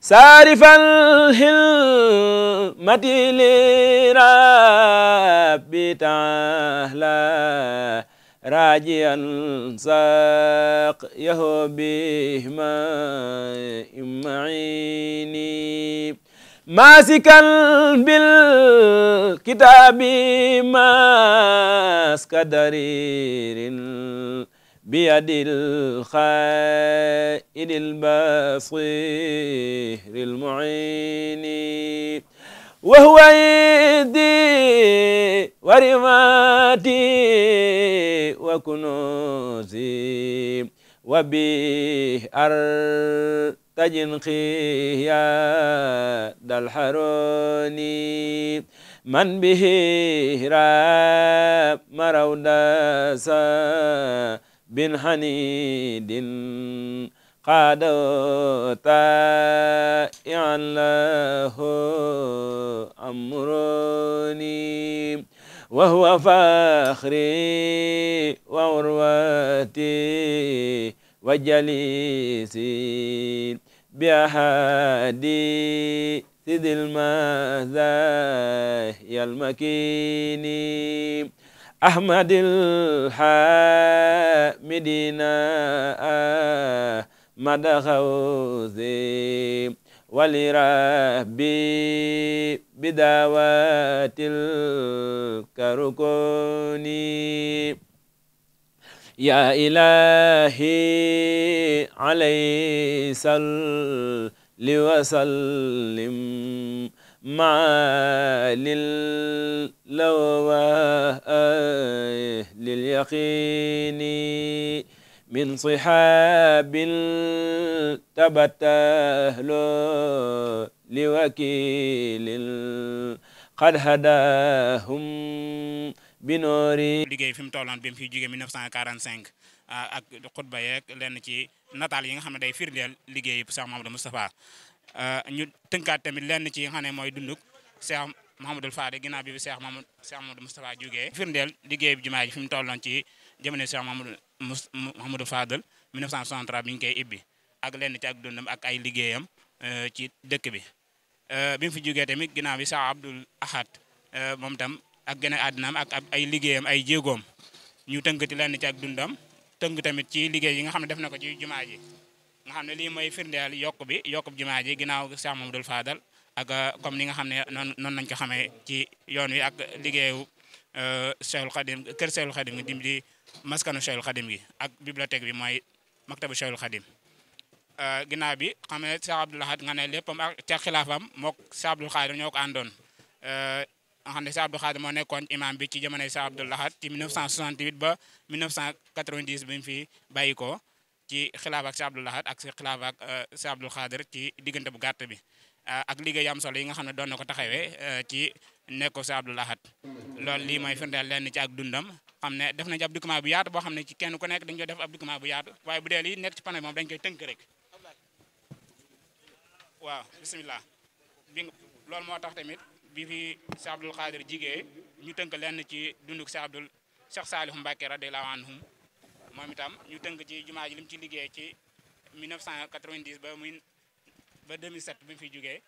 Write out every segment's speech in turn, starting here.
سارف الهمة لربي تعالى راجيا ساقيه بهما معيني ماسكا بالكتاب ماسك درير بيد الخائن البصير المعين وهو يدي ورماتي وكنوزي وبه أرتجن خياد الحروني من به راب مرودسا bin hanidin qaada taa'ian lahu amruni wa huwa fakhri wa urwati wa jalisi bi ahadi sidil mazah yal makini ahmadil hamidina madxawsi walirabbi bidawatil karukoni ya ilahi alay salli wa sallim maa lillawaah lilyaqini min sihaabil tabatahlo liwakilin qad hadahum binoori liggéey fi mu tolloon bi mu fi jógee 1945 ah, ak xutba yeeg lenn ci nataal yi nga xam ne day firndeel liggéey Cheikh Mamadou Moustapha Euh, ñu tënkaat tamit lenn ci xam ne mooy dunduk Cheikh Mouhamadul Fadi ginaaw bi Cheikh Mamadou Cheikh Mamadou Moustapha jógee firndeel liggéey bi jumaa ji fi mu tolloon ci jamono Cheikh Mamadou Mouhamadou Fadal 1963 bi ñu koy ibbi ak lenn ci ak dundam ak ay liggéeyam euh, ci dëkk bi euh, bi fi jógee tamit ginnaaw bi Cheikh Abdoul Ahad moom tam ak gën a àddinaam ak ay liggéeyam ay jéegoom ñu tënk ti lenn ci ak dundam tënk tamit ci liggéey yi nga xam ne def na ko ci jumaa nga xam ne lii mooy firndeel yokk bi yokkub jumaa ji ginnaaw Cheikh Mamadou Fadal ak uh, comme ni nga xam ne noonu noonu nañ ko xamee ci yoon wi ak liggéeyu uh, Cheikhul Khadim kër Cheikhul Khadim gi dim di maskanu Cheikhul gi ak bibliothèque bi mooy maktabu Cheikhul Khadim uh, ginnaaw bi xam ne Cheikh nga ne léppam ak ca xilaafam mook Cheikh ñoo àndoon nga xam ne Cheikh Abdoul Khadir moo nekkoon imam bi ci jamonoy Cheikh Abdoul Ahad ci 1968 ba 1990 bi mu fi bàyyi ko ci xilaaf ak si Abdul Ahad ak si xilaaf ak si euh, Abdul Xaadir ci diggante bu gàtt bi euh, ak liggéey am solo yi nga xam ne doon na ko taxawee euh, ci nekk si Abdul Ahad loolu lii mooy firndeel lenn ci ak dundam xam ne def nañ ab document bu yaatu boo xam ne ci kenn ku nekk dañ koy def ab document bu yaatu waaye bu tënk rek waaw bisimilah bi moo tax tamit bi fi si Abdul Xaadir jigéen ñu tënk lenn ci dunduk si Abdul Cheikh Saalih Mbàkke radiyallaahu anhum moom itam ñu tënk ci jumaa ji li mu ci liggéey ci 1990 ba muy ba 2007 bi mu fi jógee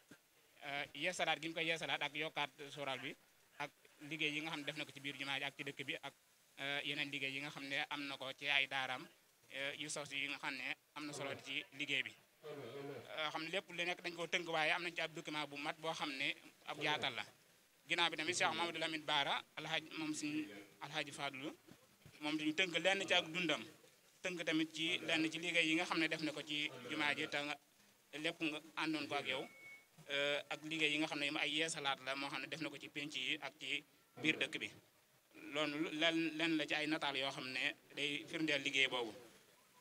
eh, yeesalaat gi koy yeesalaat ak yokkaat soral bi ak liggéey yi nga xam ne na ci biir jumaa ji ak ci dëkk bi ak eh, yeneen liggéey nga xam ne am na ko ci ay daaraam eh, yu sos yi nga xam ne am na solo ci liggéey bi xam ne lépp lu nekk dañ koo tënk waaye am nañ ci ab document bu mat boo xam ne ab jaatal la ginnaaw bi tamit Cheikh Mamadou Lamine Baara alhaaj moom si alhaaji Fadlu moom duñu tënk lenn ci ak dundam tënk tamit ci lenn ci liggéey yi nga xam ne def na ko ci jumaa ji te lépp nga àndoon ak yow euh, ak liggéey yi nga xam ne ay yeesalaat la moo xam ne def na ko ci penc yi ak ci biir dëkk bi loolu lenn la ci ay nataal yoo xam ne day firndeel liggéey boobu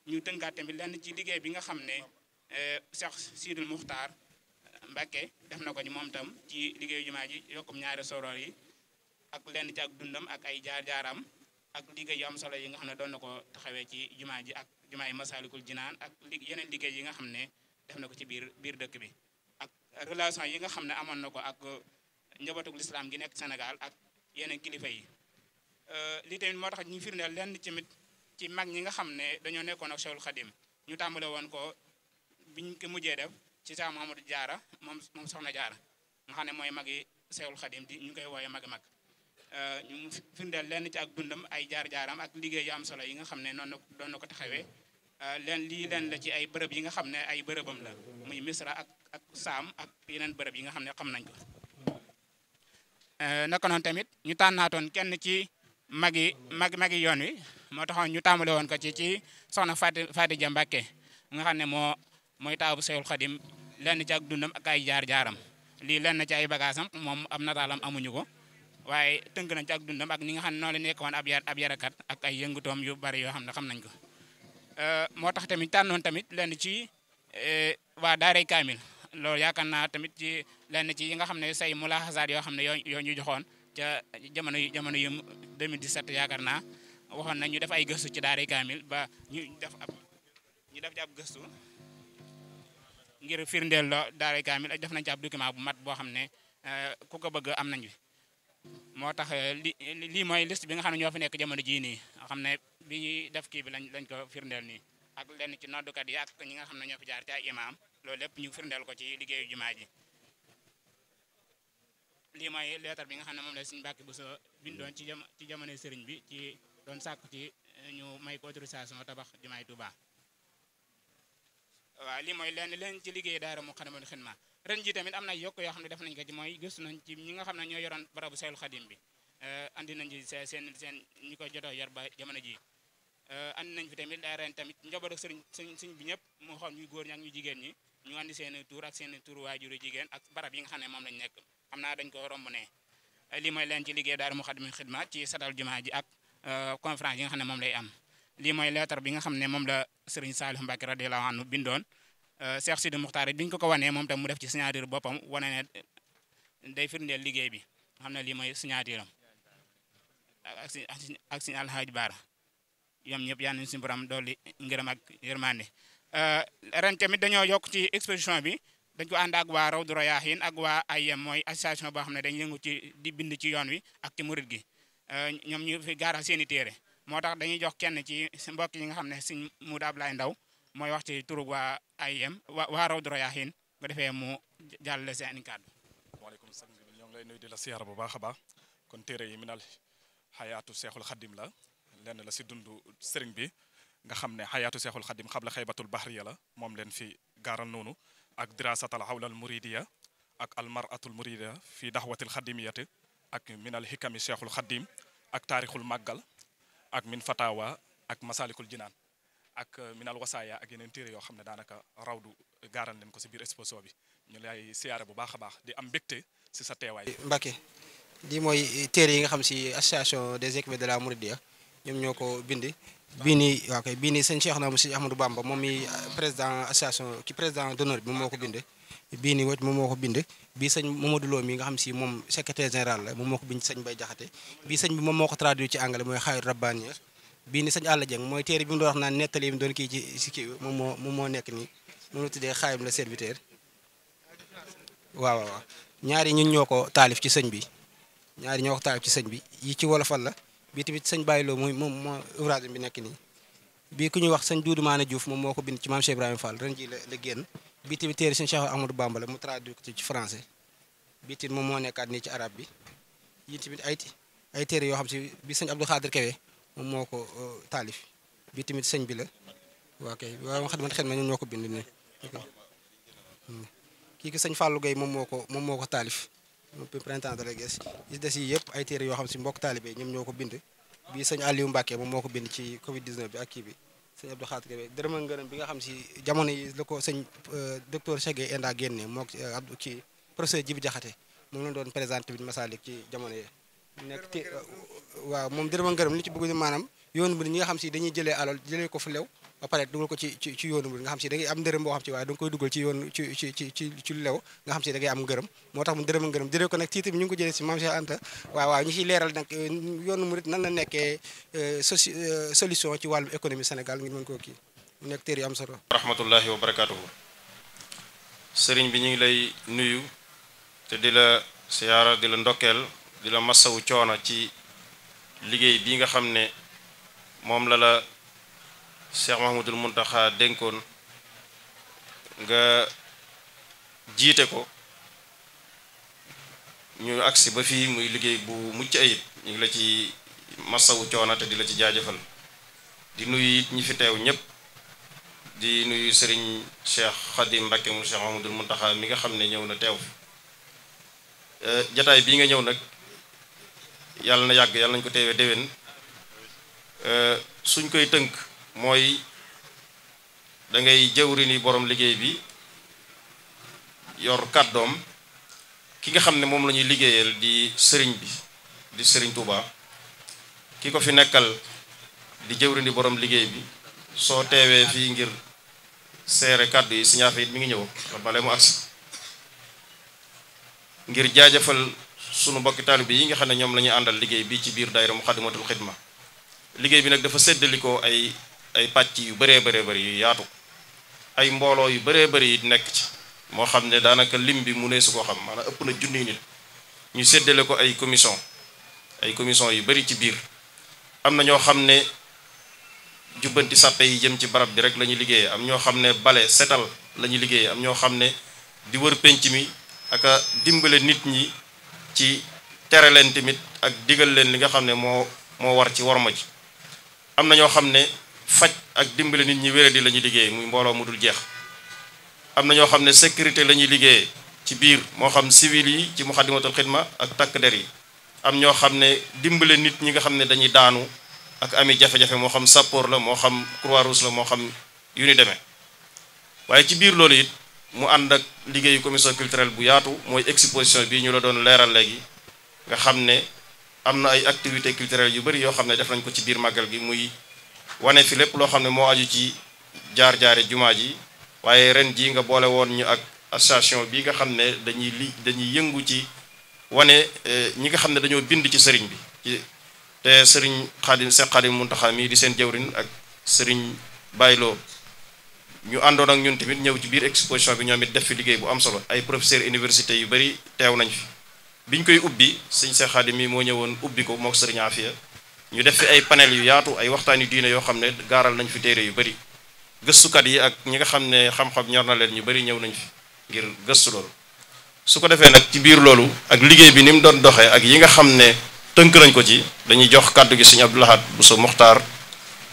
ñu tënkaat tamit lenn ci liggéey bi nga xam ne euh, Cheikh Sidil Muxtaar Mbacke def na ko ci moom tam ci liggéey jumaa ji yokkum ñaari soroor yi ak lenn ci ak dundam ak ay jaar-jaaram ak liggéey yu am solo yi nga xam ne doon na ko taxawee ci jumaa ji ak jumaa yi Masaalikul Jinaan ak yeneen liggéey yi nga xam ne def na ko ci biir biir dëkk bi ak relation yi nga xam ne amoon na ko ak njabootu lislaam gi nekk Sénégal ak yeneen kilifa yi euh, li tamit moo tax ñu firndeel lenn ci mit ci mag ñi nga xam ne dañoo nekkoon ak Cheikhul Khadim ñu tàmbale woon ko biñ ko mujjee def ci saa Mamadou Jaara moom moom soxna Jaara nga xam ne mooy magi sewul Khadim di ñu koy wooye magi mag Euh, ñu firndeel lenn ci ak dundam ay jaar-jaaram ak liggéey yu am solo yi nga xam ne noonu doon na ko taxawee euh, leen lii leen la ci ay bërëb yi nga xam ne ay bërëbam la muy misra ak ak saam ak yeneen bërëb yi nga xam ne xam nañ ko euh, naka noonu tamit ñu tànnaatoon kenn ci magi mag magi yoon wi moo taxoon ñu tàmbale woon ko ci ci soxna Fati Fati Ja Mbàkke nga xam ne moo mooy taabu Seyul Xadim lenn ci ak dundam ak ay jaar-jaaram lii lenn ci ay bagaasam moom am nataalam amuñu ko waaye tënk nañ ci ak dundam ak ñi nga xam ne noo la nekkoon ab yar ab yarakat ak ay yëngutoom yu bari yoo xam ne xam nañ ko euh, moo tax tamit tànnoon tamit lenn ci euh, waa daaray kaamil loolu yaakaar naa tamit ci lenn ci yi nga xam ne say mulaaxasaat yoo xam ne yoo ñu joxoon ca jamono yi jamono yi 2017 yaakaar naa waxoon nañ ñu def ay gëstu ci daaray kaamil ba ñu def ab ñu def ci gëstu ngir firndeel lo daaray kaamil def nañ ci ab document bu mat boo xam ne euh, ku ko bëgg am nañ fi moo tax eh, li lii mooy liste bi nga xam ne ñoo fi nekk jamono jii nii xam ne bi ñuy def kii bi lañ lañ ko firndeel nii ak lenn ci noddukat yi ak ñi nga xam ne ñoo fi jaar ci ay imaam loolu lépp ñu firndeel ko ci liggéey jumaa ji lii mooy leetar bi nga xam ne moom la suñu Mbàkke Buso bindoon ci jam ci jamono sëriñ bi ci doon sàkku ci eh, ñu may ko autorisation tabax jumaay Tuubaa waa lii mooy lenn leen ci liggéey daara mu xanamoon xidma ren ji tamit am na yokk yoo xam ne def nañ ko ci mooy gëstu nañ ci ñi nga xam ne ñoo yoroon barabu Seexul Xadim bi eh, andi nañ ci seen seen ñi ko jotoo yor ba jamono ji eh, andi nañ fi tamit ren tamit njaboot ak sëriñ sëriñ sëriñ ñëpp moo xam ñuy góor ñi ñu jigéen ñi ñu andi seen i tur ak seen i tur jigéen ak barab yi nga xam ne moom lañ nekk xam na dañ ko romb ne eh, lii mooy leen ci liggéey daal daara Moukhaddamatoul Khidma ci satal jumaa ji ak conférence yi nga xam ne moom lay am lii mooy lettre bi nga xam ne moom la sëriñ Saliou Mbacké radiyallahu anhu bindoon Euh, Cheikh de Muxtaar biñ ko ko wanee moom tam mu def ci signature boppam wane ne day firndeel liggéey bi xam ne lii mooy signature am ak si ñëpp yal nañu suñu borom dolli ngërëm ak yërmande euh, ren tamit dañoo yokk ci exposition bi dañ ko ànd ak waa Rawdu Rayaahin ak waa AYM mooy association boo xam ne dañ yëngu ci di bind ci yoon wi ak ci murit gi euh, ñoom ñu fi gaaral seeni téere moo tax dañuy jox kenn ci mbokk yi nga xam ne si mu daab Ablaay Ndaw mooy wax ci turug ay AIM waa Rawdu Rayaahiin bu ko defee mu jàllale seen kàddu. waaleykum ñoo lay nuyu di la bu baax a baax kon yi minal xayaatu seexul xadim la lenn la si dundu sëriñ bi nga xam ne xayaatu seexul xadim xabla xaybatul bahriya la moom leen fi gaaral noonu ak dirasatal xawlal muridiya ak almaratul muridiya fi daxwatil xadimiyati ak minal xikami seexul xadim ak taarixul màggal ak min fatawa ak masalikul jinaan ak euh, minal wasaaya ak yeneen téere yoo xam ne daanaka rawdu euh, gaaral leen ko si biir exposition bi ñu lay siyaare bu baax a baax di am mbégte si sa teewaay. Mbacke lii mooy euh, téere yi nga xam si association des écrivains de la Mouridia ñoom ñoo ko bind. bii nii waaw kay bii nii sëñ Cheikh na Monsieur Ahmadou Bamba moom mi président association ki président d'honneur bi moom moo ko bind. bii nii wacc moom moo ko bind nga xam si moom secrétaire général la moom moo ko bind sëñ Bay Jaxate bii sëñ bi moom moo ko traduit ci anglais mooy xaayut rabbaaniya bii ni sëñ Alla Dieng mooy téere bi mu doon wax naan nettali yi mu doon kii ci kii moom moo moom moo nekk nii mu nu tuddee la serviteur waaw waaw ñaari ñun ñoo ko taalif ci sëñ bi ñaari ñoo ko ci sëñ bi yi ci wolofal la bii tamit sëñ bàyyiloo muy moom moo ouvrage bi nekk nii bii ku ñuy wax sëñ Doudou Mané Diouf moom moo ko bind ci maam Cheikh Ibrahima Fall ren ji la la génn bii tamit téere sëñ Cheikh Amadou Bamba la mu traduit ci français bii tamit moom moo nekkaat nii ci arab bi yi tamit ay ay téere yoo xam si bi moom moo ko euh, taalif bi tamit sëñ bi la waa kay waaw xet man ma ñoo ko bind ne hmm. kii ki sëñ moom moo ko moom moo taalif moom printemps de la Guèye gis des yëpp ay téere yoo xam si mbokk taalibe ñoom ñoo ko bind bi sëñ Aliou Mbacke moom moo ko bind ci Covid bi ak kii bi sëñ Abdou Khadir Gueye bi nga xam si jamono yi la ko sëñ euh, docteur Cheikh Gueye Enda génne moo euh, Abdou ci professeur Djibi jaxate moom la doon présenté bi Masalik ci jamono yi nekk te waaw moom dërëm ngërëm li ci bëgg maanaam yoonu bi ñi nga xam si dañuy jëlee alal jëlee ko fu lew ba dugal ko ci ci ci yoonu bi nga am ndërëm boo xam si waaye da nga ci yoon ci xam si da am ngërëm moo tax mu dërëm ngërëm jëlee ko nag titre bi ñu ngi ko jëlee si Mame Cheikh Anta waaw waaw ñu ciy leeral nag euh, nan la nekkee euh, euh, solution ci wàllu économie Sénégal ngir mën koo kii mu nekk téere am solo rahmatullahi wa barakatuhu sëriñ bi ñu ngi lay nuyu te di la siyaara di la ndokkeel di la masawu coono ci liggéey bi nga xam ne moom la la Cheikh Mahmoudul Muntaxa dénkoon nga jiite ko ñu agsi ba fii muy liggéey bu mucc ayib ñu ngi la ci masawu coono te di la ci jaajëfal di nuyu it ñi fi teew ñëpp di nuyu sëriñ Cheikh Khadim Mbacke mu Cheikh Mahmoudul Muntaxa mi nga xam ne ñëw na teew eh, jataay bii nga ñëw nag yàlla na yàgg yàlla nañu ko teewee déwén euh, suñ koy tënk mooy dangay ngay jëwri borom liggéey bi yor kàddoom ki nga xam ne moom la ñuy liggéeyal di sëriñ bi di sëriñ Touba ki ko fi nekkal di jëwri borom liggéey bi soo teewee fii ngir seere kàddu yi si ñaafe it mi ngi ñëw man mu agsi ngir jaajëfal sunu bokki taalibe yi nga xam ne ñoom la ñuy àndal liggéey bi ci biir daayira Muxaddamatul Xidma liggéey bi nag dafa séddalikoo ay ay pàcc yu bëree bëree bëri yu yaatu ay mbooloo yu bëree bëri yi nekk ci moo xam ne daanaka lim bi mu ne su ko xam mana ëpp na junni nit ñu séddale ko ay commission ay commission yu bëri ci biir am na ñoo xam ne jubbanti sàppe yi jëm ci barab bi rek la ñuy liggéeyee am ñoo xam ne bale setal la ñuy liggéeyee am ñoo xam ne di wër mi ak dimbale nit ñi ci tere leen tamit ak digal leen li nga xam ne moo moo war ci worma ji am na ñoo xam ne faj ak dimbale nit ñi wéradi la ñuy liggéey muy mbooloo mu dul jeex am na ñoo xam ne sécurité la ñuy liggéey ci biir moo xam civil yi ci muxaddimatul xidma ak takk der yi am ñoo xam ne dimbale nit ñi nga xam ne dañuy daanu ak ami jafe-jafe moo xam sappoor la moo xam croix rouge la moo xam yu ni demee waaye ci biir loolu it mu ànd ak liggéeyu commission culturelle bu yaatu mooy exposition bii ñu la doon leeral léegi nga xam ne am na ay activités culturelles yu bari yoo xam ne def nañ ko ci biir màggal gi muy wane fi lépp loo xam ne moo aju ci jaar-jaare jumaa ji waaye ren jii nga boole woon ñu ak association bi nga xam ne dañuy li dañuy yëngu ci wane eh, ñi nga xam ne dañoo bind ci sëriñ bi ci te sëriñ xaadim Seex Xaadim Muntaxa mii di seen jawrin ak sëriñ bàyyiloo ñu àndoon ak ñun tamit ñëw ci biir exposition bi ñoom it def fi liggéey bu am solo ay professeur université yu bëri teew nañ fi bi ñu koy ubbi sëñ Cheikh Khadim mi moo ñëwoon ubbi ko mook sëriñ Afia ñu def fi ay panel yu yaatu ay waxtaan yu diine yoo xam ne gaaral nañ fi téere yu bëri gëstukat yi ak ñi nga xam ne xam-xam ñor na leen ñu bëri ñëw nañ fi ngir gëstu loolu su ko defee nag ci biir loolu ak liggéey bi ni mu doon doxee ak yi nga xam ne tënk nañ ko ci dañuy jox kàddu gi sëñ Abdoulahat Bousso Mokhtar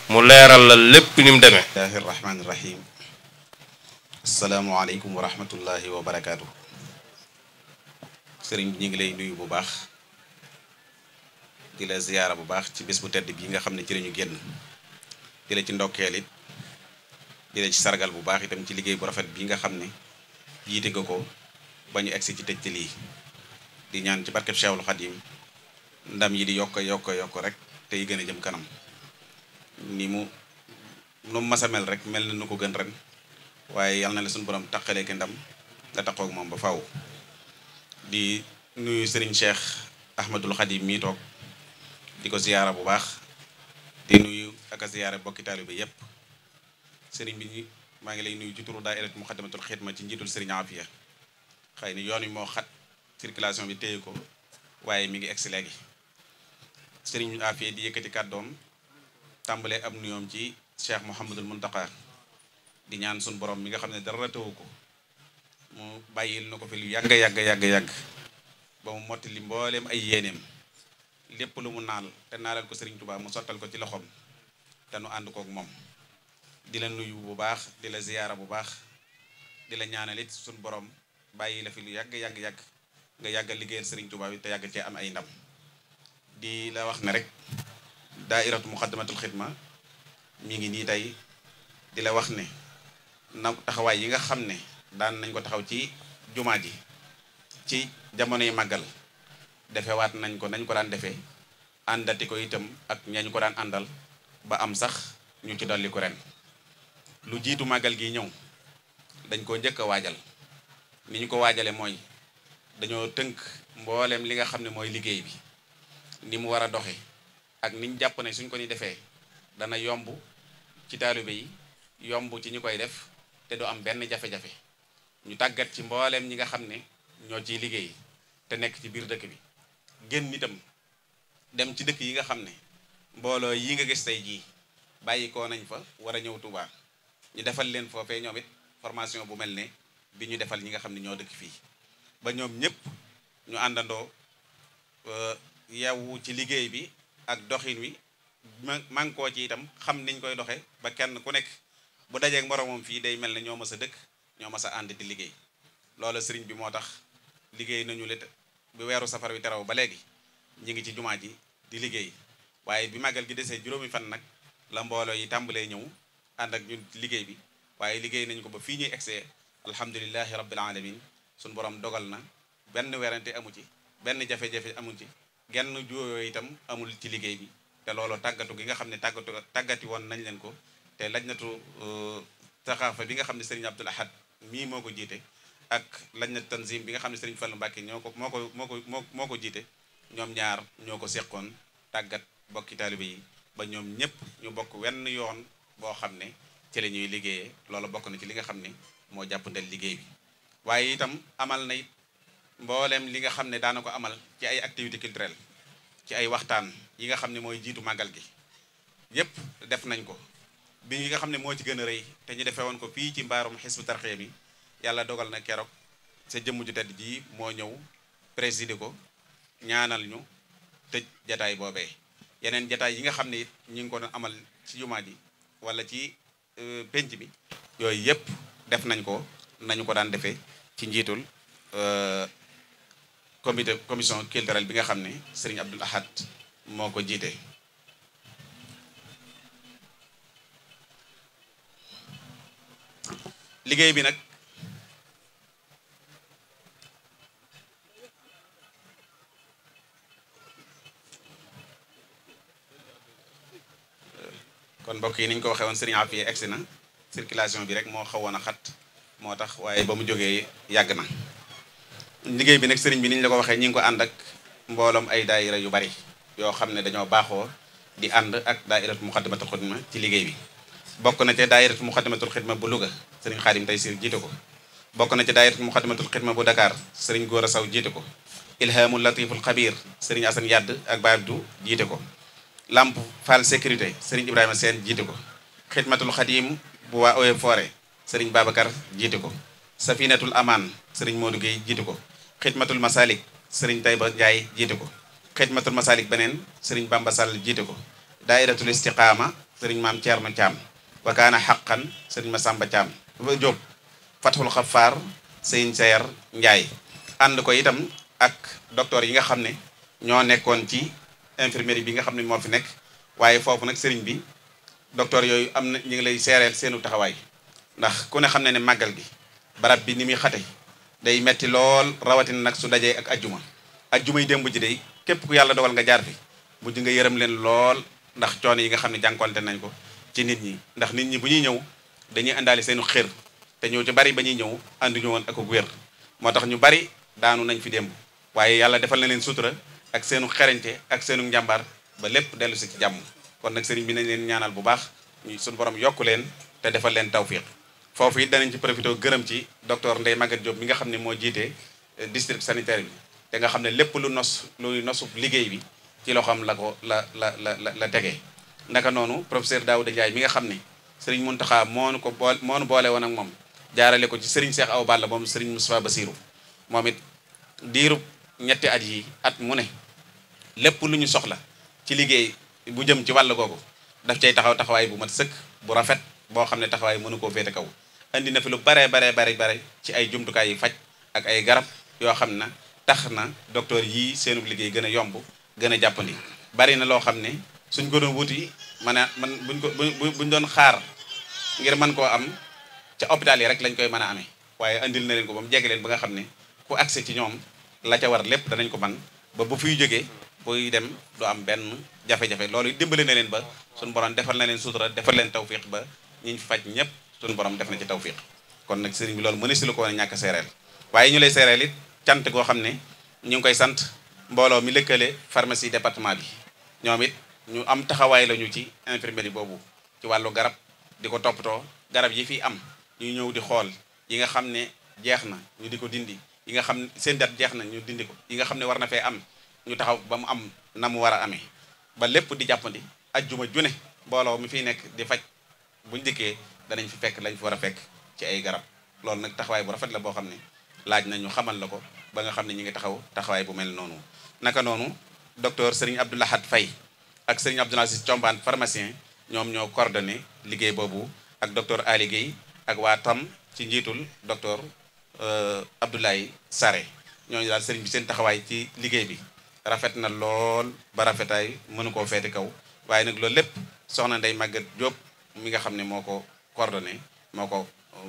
mu leeral la lépp ni mu demee bismillahi rahmaani asalaamualeykum wa rahmatullahi wa sëriñ bi ñu ngi lay nuyu bu baax di la ziyaara bu baax ci bis bu tedd bii nga xam ne ci lañu génn di la ci ndokkeel it di la ci sargal bu baax itam ci liggéey bu rafet bii nga xam ne jiite nga ko ba ñu egsi ci tëj lii di ñaan ci barkeb Cheikhul Khadim ndam yi di yokk yokk yokk rek tey gën a jëm kanam ni mu nu masa mel rek mel na nu ko gën ren waaye yal na la suñu borom taqalee ki ndam nga taqoog moom ba faw di nuyu sëriñ Cheikh Ahmadul Khadim mii toog di ko ziyaara bu baax di nuyu ak a ziyaara bokki taalibe yépp Serigne bi maa ngi lay nuyu ci turu daayiratu Muxaddamatul ma ci njiitul Serigne Afia xëy na yoon wi moo xat circulation bi téye ko waaye mi ngi egsi léegi Serigne Afia di yëkkati kàddoom tàmbalee ab nuyoom ci Cheikh Mouhamadul Muntaqa di ñaan suñu borom mi nga xam ne dara tëwu ko mu bàyyil na ko fi lu yàgg yàgg yàgg yàgg ba mu motti li mbooleem ay yéeneem lépp lu mu naal te naalal ko Serigne tubaab mu sottal ko ci loxoom te nu ànd kook moom di la nuyu bu baax di la ziyaara bu baax di la ñaanalit suñu borom bàyyi la fi lu yàgg yàgg yàgg nga yàgg a liggéeyal Serigne Touba bi te yàgg cee am ay ndam di la wax ne rek daairatu muqaddamatul xidma mi ngi nii tey di la wax ne na taxawaay yi nga xam ne daan nañ ko taxaw ci jumaa ji ci jamono yi màggal defewaat nañ ko nañ ko daan defee àndati ko itam ak ñañ ko daan àndal ba am sax ñu ci dolli ko ren lu jiitu màggal gi ñëw dañ koo njëkk a waajal ni ñu ko waajale mooy dañoo tënk mbooleem li nga xam ne mooy liggéey bi ni mu war a doxe ak niñ jàpp ne suñ ko ni defee dana yomb ci taalibe yi yomb ci ñu koy def te du am benn jafe-jafe ñu tàggat ci mbooleem ñi nga xam ne ñoo ciy liggéey te nekk ci biir dëkk bi génn itam dem ci dëkk yi nga xam ne mbooloo yi nga gis tey jii bàyyikoo nañ fa war a ñëw Touba ñu defal leen foofee ñoom it formation bu mel ne bi ñu defal ñi nga xam ne ñoo dëkk fii ba ñoom ñëpp ñu àndandoo yeewu ci liggéey bi ak doxin wi man koo ci itam xam niñ koy doxe ba kenn ku nekk bu dajeeg moroomam fii day mel na ñoo mas a dëkk ñoo mas a ànd di liggéey loolu sëriñ bi moo tax liggéey nañu lit bu weeru safar wi teraw ba léegi ñu ngi ci jumaa ji di liggéey waaye bi màggal gi desee juróomi fan nag la mbooloo yi tàmbalee ñëw ànd ak ñun liggéey bi waaye liggéey nañu ko ba fii ñuy egsee alhamdulilahi rabbil alamin suñu borom dogal na benn werante amu ci benn jafe-jafe amu ci genn juuyoo itam amul ci liggéey bi te loolu tàggatu gi nga xam ne tàggatu tàggati woon nañ leen ko te lajnatu saxaafa euh, bi nga xam ne Serigne Abdoul Ahad mii moo ko jiite ak lañ lajnatu tanzim bi nga xam ne Serigne Fallou Mbacke ñoo ko moo ko moo moo ko jiite ñoom ñaar ñoo ko seqoon tàggat bokki taalibe yi ba ñoom ñëpp ñu bokk wenn yoon boo xam ne ci ñuy liggéeyee loolu bokk na ci li nga xam ne moo jàppandal liggéey bi waaye itam amal na it mbooleem li nga xam ne daana ko amal ci ay activité culturelle ci ay waxtaan yi nga xam ne mooy jiitu màggal gi yépp def nañ ko bi nga xam ne moo ci gën a rëy te ñu defee woon ko fii ci mbaarum xisbu tarxiya mi yàlla dogal na keroog sa jëmm ju tedd ji moo ñëw présider ko ñaanal ñu tëj jataay boobee yeneen jataay yi nga xam ne it ñu ngi ko doon amal ci jumaa ji wala ci euh, penc bi yooyu yëpp def nañ ko nañu ko daan defee ci njiitul euh, comité commission culturelle bi nga xam ne Serigne Abdoul Ahad moo ko jiitee liggéey bi nag kon mbokk yi ni ko waxee woon sëriñ Afia egsi na circulation bi rek moo xawoon a xat moo tax waaye ba mu jógee yàgg na liggéey bi nag sëriñ bi ni ñu la ko waxee ñi ngi ko ànd ak mbooloom ay daayira yu bari yoo xam ne dañoo baaxoo di ànd ak daa daayiratu Muqaddamatul Xidma ci liggéey bi bokk na ca daayiratu muxaddamatul xidma bu Louga sëriñ Xaadim Taysiir jiite ko bokk na ca daayiratu muxaddamatul xidma bu Dakar sëriñ Góora Saw jiite ko ilhamul latiful xabir sëriñ Asan Yadd ak Baye Abdou jiite ko Lamp Fall sécurité sëriñ Ibrahima Seen jiite ko xidmatul xadim bu waa Eaux et Forêts sëriñ Babacar jiite ko safinatul aman sëriñ Modou Guèye jiite ko xidmatul masalik sëriñ Tayba Ndiaye jiite ko xidmatul masalik beneen sëriñ Bamba Sall jiite ko daayiratul istiqaama sëriñ Maam Thierno Thiam wa kaana xaqan sëriñ Masamba Thiam Diop Fathul Xafaar sëriñ Seer Ndiaye ànd ko itam ak docteur yi nga xam ne ñoo nekkoon ci infirmerie bi nga xam ne moo fi nekk waaye foofu nag sëriñ bi docteur yooyu am na ñu ngi lay seereel seenu taxawaay ndax ku ne xam ne ne màggal gi barab bi ni muy xate day metti lool rawatina nag su dajee ak ajjuma ajjuma yi démb ji day képp ku yàlla dogal nga jaar fi mujj nga yërëm leen lool ndax coono yi nga xam ne jànkoonte nañ ko ci nit ñi ndax nit ñi bu ñuy ñëw dañuy àndaale seenu xër te ñëw ci bari ba ñuy ñëw ànduñu woon ak wér moo tax ñu bari daanu nañ fi démb waaye yàlla defal na leen sutura ak seenu xerañte ak seenu njàmbaar ba lépp dellu si jàmm kon nag sëriñ bi nañ leen ñaanal bu baax ñu suñu borom yokku leen te defal leen tawfiq foofu it danañ ci profité gërëm ci docteur Ndeye Maguette Diop mi nga xam ne moo jiite euh, district sanitaire bi te nga xam ne lépp lu nos lu nosu liggéey bi ci loxoom la ko la la la la tegee ndaka noonu professeur Daouda Ndiaye mi nga xam ne sëriñ Mountakha moonu ko boole moonu boole woon ak moom jaarale ko ci sëriñ Cheikh Awa Balla moom sëriñ Moustapha Basirou moom it diirub ñetti at yi at mu ne lépp lu ñu soxla ci liggéey bu jëm ci wàll googu daf cay taxaw taxawaay bu mat sëkk bu rafet boo xam ne taxawaay mënu koo féete kaw indi na fi lu baree baree bare bare ci ay jumtukaay yi faj ak ay garab yoo xam na tax na docteur yii seenub liggéey gën a yomb gën a jàppandi bari na loo xam ne suñ ko doon wuti man man buñ ko buñ doon xaar ngir man koo am ca hôpital yi rek lañ koy mën a amee waaye indil na leen ko ba mu jege leen ba nga xam ne ku accès ci ñoom la ca war lépp danañ ko man ba bu fuy jógee buy dem du am benn jafe-jafe loolu dimbale na leen ba suñ borom defal na leen sutura defal leen tawfiq ba ñiñ faj ñëpp suñ borom def na ci tawfiq kon nag sëriñ bi loolu mënees la ko woon a ñàkk seereel waaye ñu lay seereel it cant goo xam ne ñu ngi koy sant mbooloo mi lëkkale pharmacie département bi ñoom it ñu am taxawaay lañu ci infirmerie boobu ci wàllu garab di ko toppatoo garab yi fi am ñu ñëw di xool yi nga xam ne jeex na ñu di ko dindi yi nga xam seen jeex na ñu dindi ko yi nga xam ne war na fee am ñu taxaw ba mu am na mu war a amee ba lépp di jàppandi ajjuma june mbooloo mi fi nekk di faj bu dikkee danañ fi fekk lañ fi war a fekk ci ay garab loolu nag taxawaay bu rafet la boo xam ne laaj na ñu xamal la ko ba nga xam ne ñu ngi taxaw taxawaay bu mel noonu naka noonu docteur Serigne Abdoulahad Faye ak sëriñ Abdoul Aziz Thiombane pharmacien ñoom ñoo coordonné liggéey boobu ak docteur Ali Guèye ak waa TAM ci njiitul docteur euh, Abdoulaye Sare ñoo daal sëriñ bi seen taxawaay ci liggéey bi rafet na lool ba rafetaay mënu koo feeti kaw waaye nag loolu lépp soxna Ndeye Maguette Diop mi nga xam ne moo ko coordonné moo ko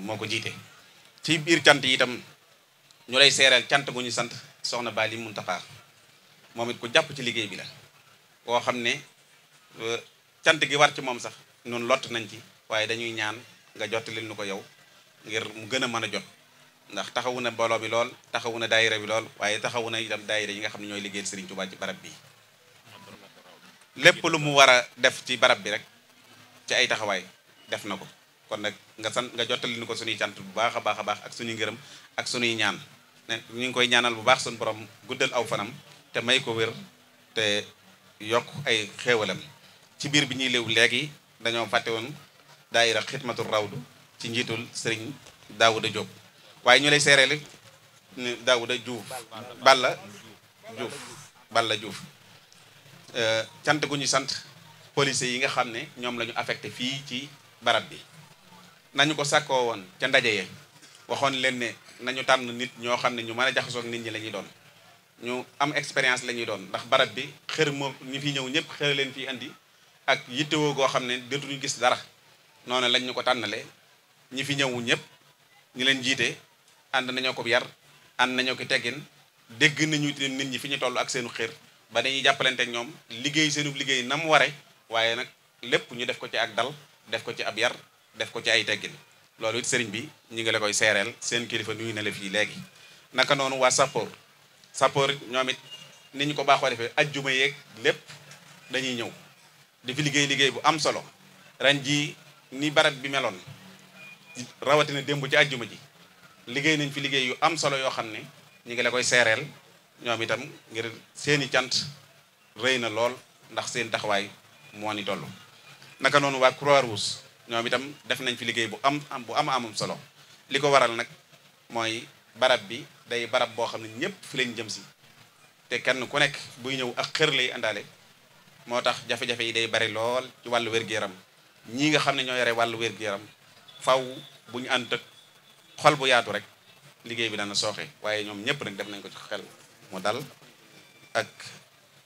moo ko jiite. ci biir cant yi itam ñu lay seereel cant gu ñu sant soxna baa mun Muntaxa moom it ku jàpp ci liggéey bi la. woo xam ne euh, cant gi war ci moom sax noonu lott nañ ci waaye dañuy ñaan nga jottali nu ko yow ngir mu gën a mën a jot ndax taxawu na mbooloo bi lool taxawu na daayira bi lool waaye taxawu na itam daayira yi nga xam ne ñooy liggéeyal Serigne Touba ci barab bi lépp lu mu war a def ci barab bi rek ci ay taxawaay def na ko kon nag nga sant nga jottali nu ko suñuy cant bu baax a baax baax ak suñuy ngërëm ak suñuy ñaan ne ñu ngi koy ñaanal bu baax suñu borom guddal aw fanam te may ko wér yokk ay xéewalam ci biir bi ñuy léew léegi dañoo fàtte woon daayira xidmatu rawdu ci njiitul sëriñ Daawuda Jóob waaye ñu lay seereele Daawuda Juuf Balla Juuf Balla Juuf euh, cant gu ñu sant policiers yi nga xam ne ñoom lañu ñu affecté fii ci barab bi nañu ko sàkkoo woon ca ndaje ye waxoon leen ne na ñu tànn nit ñoo xam ne ñu mën a jaxasoog nit ñi la ñuy doon ñu am expérience la ñuy doon ndax barab bi xër moom ñi fi ñëw ñëpp xër leen fi andi ak yittewoo goo xam ne dootuñu gis dara noonu lañ ñu ko tànnale ñi fi ñëwu ñëpp ñi leen jiite ànd nañoo ko yar ànd nañoo ko teggin dégg nañu nit ñi fi ñu toll ak seenu xër ba dañuy jàppalante ak ñoom liggéey seenub liggéey na mu ware waaye nag lépp ñu def ko ci ak dal def ko ci ab yar def ko ci ay teggin loolu it sëriñ bi ñu ngi la koy seereel seen kilifa nuyu na la fii léegi naka noonu waa Sapor. sappoor ñoom it ni ñu ko baaxoo defee ajjuma yeeg lépp dañuy ñëw di fi liggéey liggéey bu am solo ren jii ni barat bi meloon rawatina démb ci ajjuma ji liggéey nañ fi liggéey yu am solo yoo xam ne ñu ngi la koy seereel ñoom itam ngir seeni cant rëy na lool ndax seen taxawaay moo ni toll naka noonu waa Croix-Rouge ñoom itam def nañ fi liggéey bu am am bu am amum solo li ko waral nag mooy barab bi day barab boo xam ne ñëpp fi lañ jëm si te kenn ku nekk buy ñëw ak xër lay àndaale moo tax jafe-jafe yi day bari lool ci wàllu wér-gu-yaram ñii nga xam ne ñoo yore wàllu wér-gu-yaram faw bu ñu ànd ak xol bu yaatu rek liggéey bi dana sooxe waaye ñoom ñëpp nag def nañ ko ci xel mu dal ak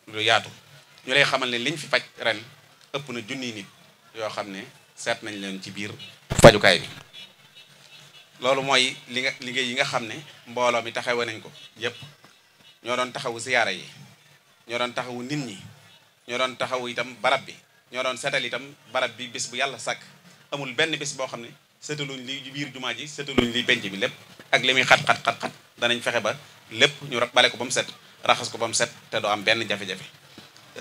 lu yaatu ñu lay xamal ne liñ fi faj ren ëpp na junniy nit yoo xam ne seet nañ leen ci biir fajukaay bi loolu mooy li nga liggéey yi nga xam ne mbooloo mi taxawe nañ ko yépp ñoo doon taxawu siyaara yi ñoo doon taxawu nit ñi ñoo doon taxawu itam barab bi ñoo doon itam barab bi bis bu yàlla sàkk amul benn bis boo xam ne setaluñ li biir jumaa ji setaluñ li penc bi lépp ak li muy xat xat xat xat danañ fexe ba lépp ñu bale ko ba set raxas ko ba set te doo am benn jafe-jafe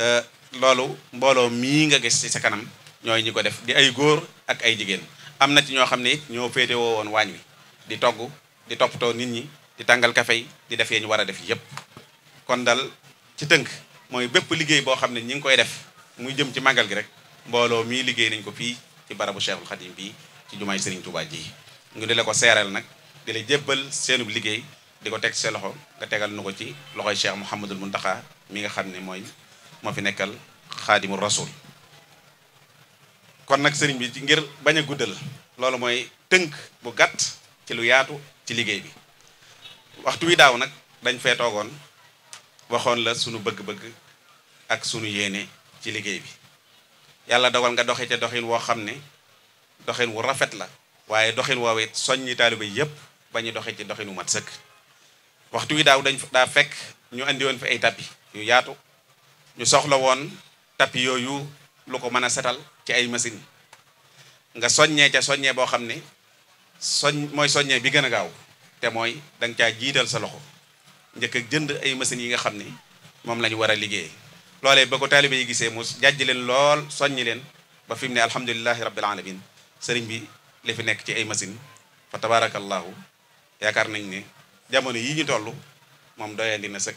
euh, loolu mbooloo mii nga gis ci sa kanam ñooy ñi ko def di ay góor ak ay jigéen am na ci ñoo xam ne it ñoo féete woon waañ wi di togg di toppatoo nit ñi di tàngal kafe yi di def yee ñu war a def yépp kon dal ci tënk mooy bépp liggéey boo xam ne ñi ngi koy def muy jëm ci màggal gi rek mbooloo mii liggéey nañ ko fii ci barabu Cheikhul Khadim bi ci jumaay Serigne Touba ji ñu di la ko seeral nag di la jébbal seenub liggéey di ko teg see loxo nga tegal nu ko ci loxoy Cheikh Mouhamadul Mountakha mi nga xam ne mooy moo fi nekkal xaadimu rasul kon nag sëriñ bi ci ngir bañ a guddal loolu bu gàtt ci lu yaatu ci liggéey bi waxtu wi daaw nag dañ fee toogoon waxoon la sunu bëgg-bëgg ak sunu yéene ci liggéey bi yàlla dogal nga doxe ca doxin woo xam ne doxin wu rafet la waaye doxin woowu soññ soññi taaliba yépp ba ñu doxe ci doxin wu mat sëkk waxtu wi daaw dañ daa fekk ñu andi woon fi ay tapis yu yaatu ñu soxla woon tapis yooyu lu ko mën a setal ci ay machine nga soññee ca soññee boo xam ne soñ mooy soññee bi gën a gaaw te mooy da nga caa jiital sa loxo njëkk ak jënd ay machines yi nga xam ne moom la ñu war a liggéey loolee ba ko taalibe yi gisee mu jàjj leen lool soññ leen ba fi mu ne alhamdulilahi rabbil alamin sëriñ bi li fi nekk ci ay machine fa tabarakallahu yaakaar nañ ne jamono yi ñu toll moom doyandi na sëkk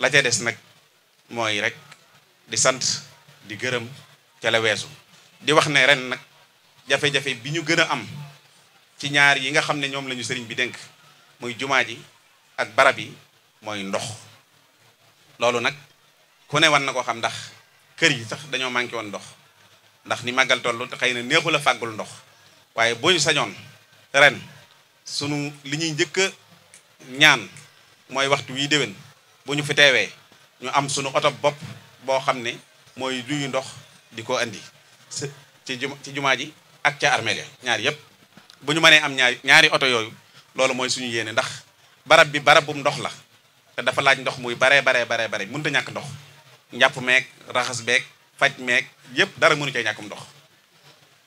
la ca des nag mooy rek di sant di gërëm ca la weesu di wax ne ren nag jafe-jafe bi ñu gën a am ci ñaar yi nga xam ne ñoom lañu ñu sëriñ bi dénk muy jumaa ji ak barab yi mooy ndox loolu nag ku ne wan na ko xam ndax kër yi sax dañoo manqué woon ndox ndax ni màggal toll te xëy na neexul a fàggul ndox waaye boo ñu sañoon ren sunu li ñuy njëkk a ñaan mooy waxtu wii déwén bu ñu fi teewee ñu am sunu oto bopp boo xam ne mooy duyu ndox di ko andi ci jumaa ji ak ca armeel ñaar yépp bu ñu mënee am ñaari ñaari oto yooyu loolu mooy suñu yéene ndax barab bi barab bu ndox la te dafa laaj ndox muy baree baree baree bare mun a ñàkk ndox njàpp meeg raxas beeg faj meeg yëpp dara mënu cee ñàkkum ndox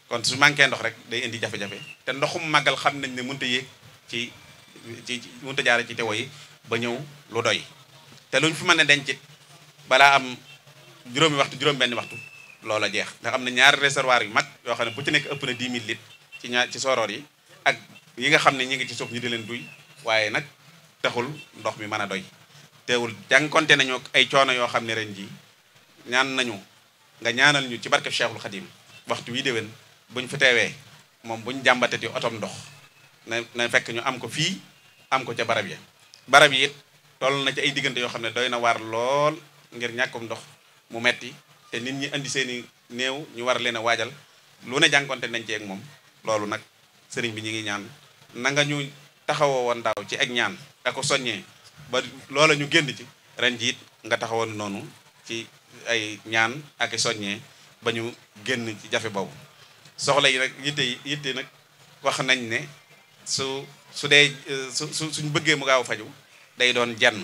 kon su manqué ndox rek day indi jafe-jafe te ndoxum màggal xam nañ ne mënut a yéeg ci ci mënut a jaare ci tewo yi ba ñëw lu doy te luñ fi mën a denc balaa am juróomi waxtu juróom benn waxtu loola jeex ndax am na ñaari réservoir yu mag yoo xam ne bu ci nekk ëpp na 10 000 ci ñaar ci sooroor yi ak yi nga xam ne ñu ngi ci suuf ñu di leen duy waaye nag taxul ndox mi mën a doy teewul jànkonte nañu ay coono yoo xam ne ren ji ñaan nañu nga ñaanal ñu ci barkeb Cheikhul Khadim waxtu wi déwén buñ fi teewee moom buñ jàmbatati otom ndox na fekk ñu am ko fii am ko ca barab yi barab yi it na ci ay diggante yoo xam ne doy na waar lool ngir ñàkkum ndox mu metti te nit ñi indi seeni néew ñu war leen a waajal lu ne jànkonte nañ ci moom loolu nag sëriñ bi ñu ngi ñaan na nga ñu taxawoo woon daaw ci ak ñaan ako soññee ba ñu génn ci ren jiit nga taxawoon noonu ci ay ñaan ak ba ñu génn ci jafe boobu soxla yi nag yitte yi yitte nag wax nañ ne su su dee su suñ bëggee mu gaaw faju day doon jenn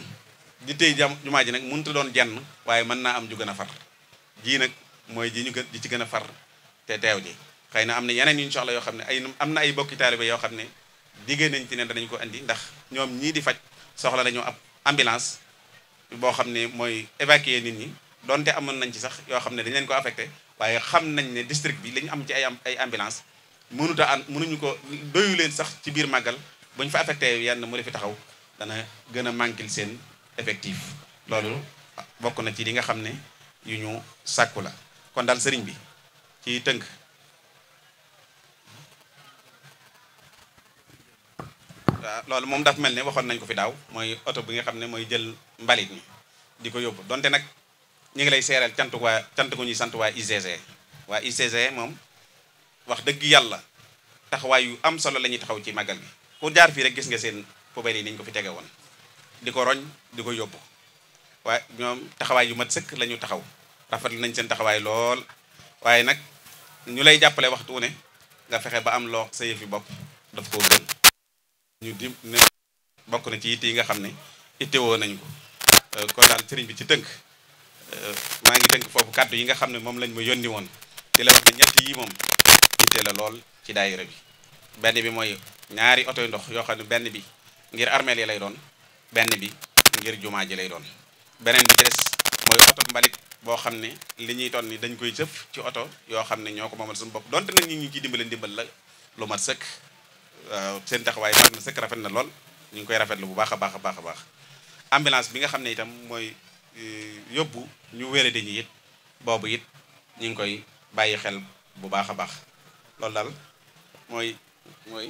yitte yi jumaa ji nag mënut doon jenn waaye mën naa am ju gën a far jii nag mooy ji gën ji ci gën a far te teew ji xëy na am na yeneen yuñ soxla yoo xam ne ay am na ay bokki taalibe yoo xam ne liggéey nañ ci ne danañ ko andi ndax ñoom ñii di faj soxla nañu ab ambulance boo xam ne mooy évacuer nit ñi donte amoon nañ ci sax yoo xam ne dañ leen ko affecté waaye xam nañ ne district bi li am ci ay ay ambulance mënuta an mënuñu ko doyu leen sax ci biir màggal bu ñu fa affecté yenn mu defi taxaw dana gën a manquil seen effectif loolu bokk na ci li nga xam ne yu ñu sàkku la kon daal sëriñ bi ci tënk Euh, loolu moom daf mel ne waxoon nañ ko fi daaw mooy oto bi nga xam ne mooy jël mbalit mi di ko yóbbu donte nag ñu ngi lay seeral cant waa ko ñuy sant waa ICG waa ICG moom wax dëgg yàlla taxawaay yu am solo la ñuy taxaw ci màggal gi ku jaar fii rek gis nga seen poubelle yi niñ ko fi tege woon di ko roñ di ko yóbbu waaye ñoom taxawaay yu mat sëkk la ñu taxaw rafetlu nañ seen taxawaay lool waaye nag ñu lay jàppale waxtu ne nga fexe ba am loo sa yëf yi ñu dim ne bokk na ci yitte yi nga xam ne ittewoo nañ ko euh, kon daal sëriñ bi ci tënk euh, maa ngi tënk foofu kàddu yi nga xam ne moom lañ ma yónni woon di la wax ne ñett yi moom yitte la lool ci daayira bi benn bi mooy ñaari oto yu ndox yoo xam ne benn bi ngir armeel yi lay doon benn bi ngir jumaa ji lay doon beneen bi ci des mooy oto mbalit boo xam ne li ñuy ton ni dañ koy jëf ci oto yoo xam ne ñoo ko moom moomal suñu bopp donte nag ñi ngi ciy dimbale ndimbal la lu mat sëkk waaw seen taxawaay baax na sëkk rafet na lool ñu ngi koy rafetlu bu baax a baax a baax a bi nga xam ne itam mooy euh, yóbbu ñu wére dañu it boobu it ñu ngi koy bàyyi xel bu baax a baax loolu daal mooy mooy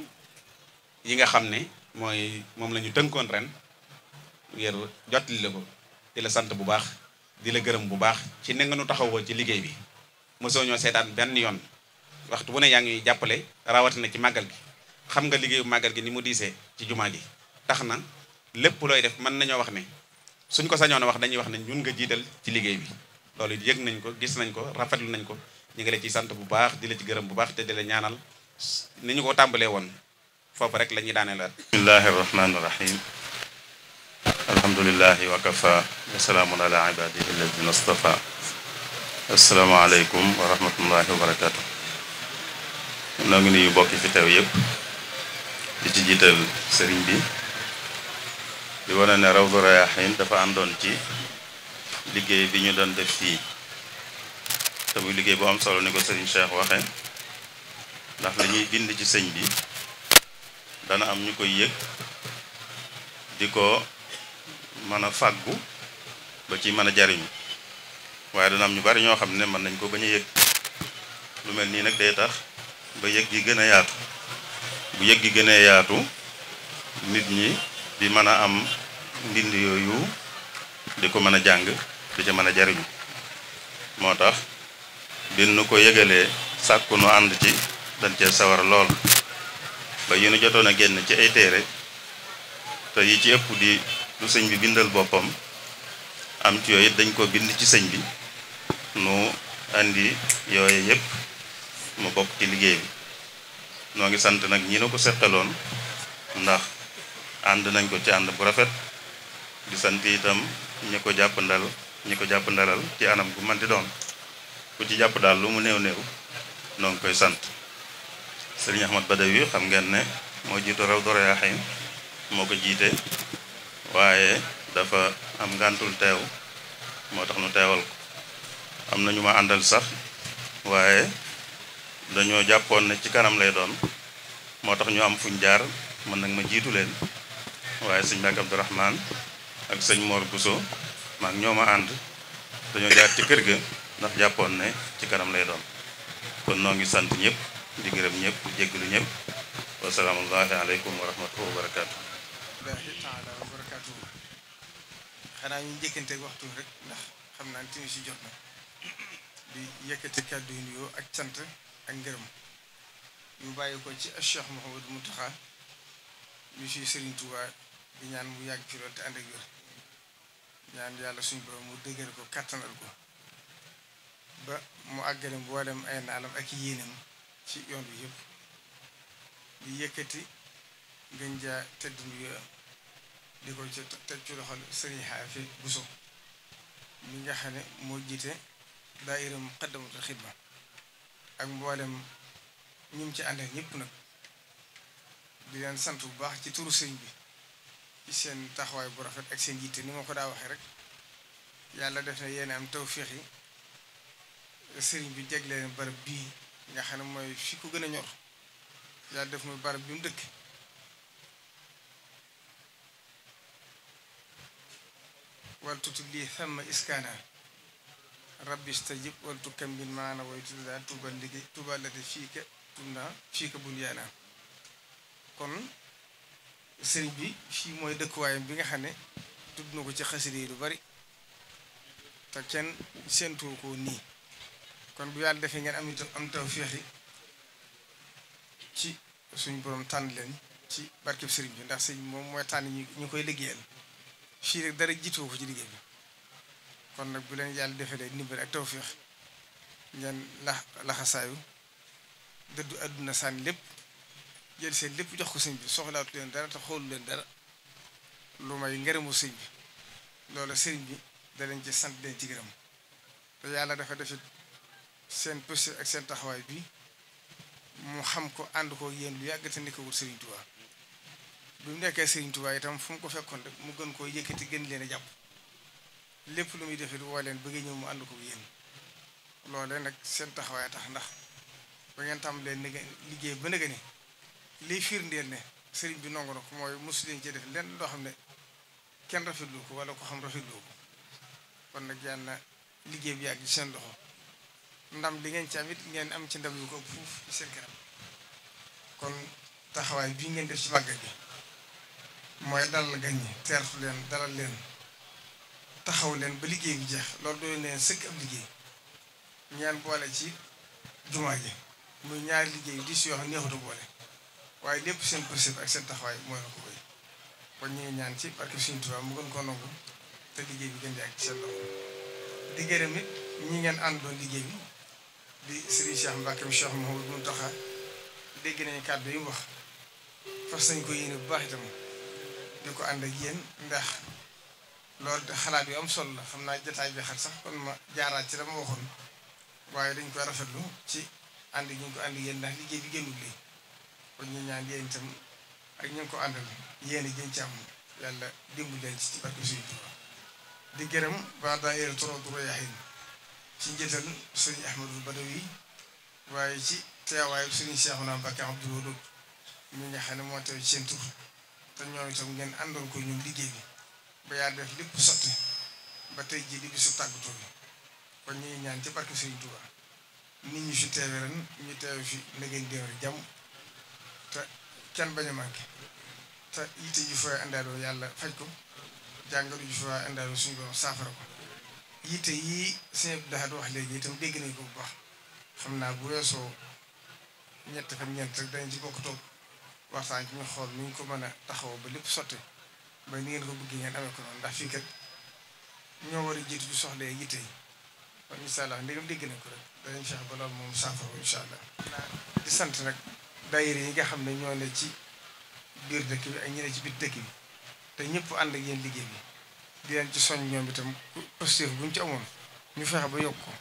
yi nga xam ne mooy moom lañu tënkoon ren ngir jottali la ko di la sant bu baax di la gërëm bu baax ci ne nga nu taxawoo ci liggéey bi mosoo ñoo seetaan benn yoon waxtu bu ne yaa ngi jàppale rawatina ci màggal gi xam nga liggéeyu màggal gi ni mu diisee ci jumaa ji tax na lépp looy def mën nañoo wax ne suñ ko sañoon wax dañuy wax ne ñun nga jiital ci liggéey bi loolu yëg nañ ko gis nañ ko rafetlu nañ ko ñu ngi la ciy sant bu baax di la ci gërëm bu baax te ñaanal ni ñu ko tàmbalee woon foofu rek lañuy ñuy daanee la bismillahi rahmaani rahim alhamdulilahi wa kafa wa salaamun ala ibadihi alladina stafa asalaamaaleykum wa rahmatullahi bokki fi teew yëpp di ci jiital sëriñ bi li wane ne Rawdu Rayaahiin dafa àndoon ci liggéey bi ñu doon def fii te muy liggéey boo am solo ni ko sëriñ Cheikh waxe ndax li ñuy bind ci sëñ bi dana am ñu koy yëg di ko mën a fàggu ba ci mën a jariñu waaye dana am ñu bari ñoo xam ne mën nañ ko bañ a yëg lu mel nii nag day tax ba yëg gi gën a yaatu bu yëg gi gënee yaatu nit ñi bi mën a am ndind yooyu di ko mën a jàng di ca mën a jariñu moo tax bi nu ko yëgalee sàkku nu ànd ci dañ cee sawar lool ba yi nu jotoon a génn ci ay téere te yi ci ëpp di lu sëñ bi bindal boppam am ci yooyu dañ ko bind ci sëñ bi nu andi yooyu yëpp mu bokk ci liggéey noo ngi sant nag ñi na ko seqaloon ndax ànd nañ ko ci ànd bu rafet di sant itam ñi ko jàpp ndal ñi ko jàpp ci anam gu man di doon ku ci jàpp daal lu mu néew néew noo ngi koy sant sëriñ Ahmad Badawi xam ngeen ne moo jiitu raw doro moo ko jiite waaye dafa am ngàntul teew moo tax nu teewal ko am na ñu ma àndal sax waaye dañoo jàppoon ne ci kanam lay doon moo tax ñu am fuñ jaar mën nag ma jiitu leen waaye sëñ Mbàkke Abdourahman ak sëñ Mor Bousso maag ñoo ma ànd dañoo jaar ci kër ga ndax jàppoon ne ci kanam lay doon kon noo ngi sant ñëpp di gërëm ñëpp di jéggalu ñëpp wa salaamu aleykum wa rahmatullaahi wa barakaatu. waxtu rek xam naa si jot na di nuyoo ak cant. ak ngërëm ñu bàyyi ko ci Cheikh Mouhamadou Mountakha ñu ci Serigne Touba di ñaan mu yàgg ci loolu te ànd ak wér ñaan yàlla suñu borom mu dëgër ko kàttanal ko ba mu àggale mboolem ay naalam ak yéenam ci yoon bi yëpp di yëkkati gën jaa tedd nuyu di ko ci teg ci loxol Serigne Xaafi Buso mi nga xam ne moo jiite daayira Muqaddamatul Xidma ak mboolem ñi mu ci àndal ñépp nag di leen sant bu baax ci turu sëñ bi ci seen taxawaay bu rafet ak seen jiite ni ma ko daa waxee rek yàlla def na yéen am tawféex yi sëriñ bi jegleen barab bii nga xam ne mooy fi ku gën a ñor yàlla def muy barab bi mu dëkk wal tutub lii thamma iskaana rabbi stajib wal tukammil maana way tudda tuubal liggéey tuubal la te fii ka tunda fii kon sëriñ bi fii mooy dëkkuwaayam bi nga xam ne tudd ko ci xasida yi lu bari te kenn séentuwu ko nii kon bu yàlla defee ngeen am itam am ci suñ borom tànn leen ci barkeb sëriñ bi ndax sëriñ moom mooy tànn ñu koy liggéeyal fii rek dara jiitoo ko ci liggéey bi kon nag bu leen yàlla defalee ndimbal ak taw tawféex ngeen lax laxasaayu dëddu àdduna sànni lépp jël seen lépp jox ko sëñ bi soxlaatu leen dara te xoolu leen dara lu may ngërëmu sëñ bi loolu sëriñ bi da leen ci sant leen ci gërëm te yàlla dafa defit seen posture ak seen taxawaay bi mu xam ko ànd ko yéen lu yàgg te nekkagul sëriñ Tuubaa bi mu nekkee sëriñ Tuubaa itam fu mu ko fekkoon rek mu gën koo yëkkati gën leen a jàpp lépp lu muy defee woo leen bëgg ñëw mu ànd ko yéen loolee nag seen taxawaay tax ndax ba ngeen tam leen liggéey ba nëgë ni liy firndeel ne sëriñ bi nongu na mooy mosu ci def lenn loo xam ne kenn rafetlu ko wala ko xam rafetlu kon nag yal na liggéey bi yàgg seen loxo ndam li ngeen ci ngeen am ci ndam ko fuuf ci kon taxawaay bii ngeen def mooy dalal gan ñi teertu leen dalal leen xaw leen ba liggéey bi jeex loolu doy neen sëkk ab liggéey ñaan boole ci jumaa ji muy ñaari liggéey di si yoo xam boole waaye lépp seen principe ak seen taxawaay mooy na ko koy kon ñu ngi ñaan ci barke suñu Tuubaa mu gën ko nangu te liggéey bi di ak seen loxo di gërëm it ñi ngeen àndoon liggéey bi di Serigne Cheikh Mbacke mi Cheikh Mouhamadou Mountakha dégg nañu kàddu yi mu wax fas nañ ko yéene bu baax itam di ko ànd ak yéen ndax loolu de xalaat yu am solo la xam naa jetaay bi xat sax kon ma jaaraat ci dama waxoon waaye dañ koy rafetlu ci ànd gi ñu ko ànd yéen ndax liggéey bi ñu ñaan ak ñu ko àndal yéen a jën ci am yàlla dimbali leen ci ci suñu Tuubaa di gërëm waa daayira Rawdu Rayaahiin ci njëtal sëñ Ahmadul Badawi waaye ci teewaayu sëñ Seexuna Mbàkke Abdul Wadoud ñu nga xam ne moo teew ci seen tur te ñoom itam ngeen àndoon ko ñun liggéey bi. ba yàlla def lépp sotti ba tey jii di bisu tàggatoo bi kon ñuy ñaan ci barke Sëriñ Tuubaa nit ñi fi teewe ren ñu te fi na ngeen déwér jàmm te kenn bañ a manqué te yitte ju fa yàlla faj ko jàngoro ju fa àndaaroo suñu borom saafara ko yitte yii sëñ Abdou Lahad wax léegi tam dégg nañ ko bu baax xam naa bu reesoo ñett fan ñeent rek dañ ci bokk toog waxtaan ci ñu xool nu ñu ko mën a taxawoo ba lépp sotti ba ni ngeen ko bëgg ngeen amee ko noonu ndax fii kat ñoo war a jiitu ci soxla yi yitte yi kon incha allah ndegam dégg nañ ko rek danañ fexe ba loolu moom saafara incha allah. di sant nag daayira yi nga xam ne ñoo ne ci biir dëkk bi ak ñi ci biir dëkk bi te ñëpp ànd ak yéen liggéey bi di leen ci soñ ñoom itam posture bu ñu ci amoon ñu fexe ba yokk ko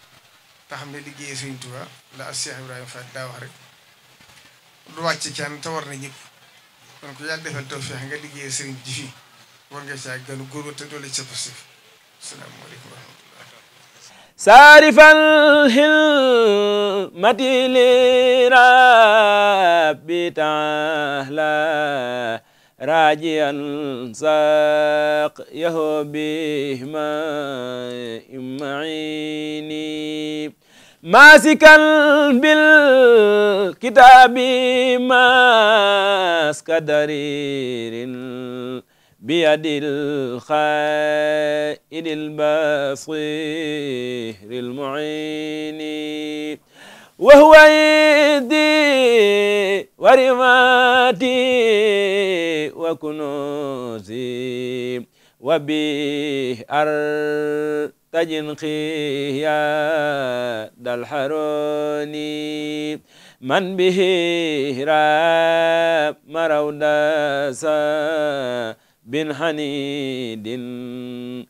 te xam ne liggéeyee Sëriñ Tuubaa la as Cheikh Ibrahima Fall daa wax rek lu wàcc ci te war na ñëpp kon ku yàlla defal tawfeex nga liggéeyee sëriñ ji war saarifal hilmati li rabbi taala rajiyan saq yahu bihima imaini ماسكا بالكتاب ماسك درير بيد الخائن البصير المعين وهو يدي ورماتي وكنوزي وبه أرتجن خياد الحروني من به راب مرودسا bin hanidin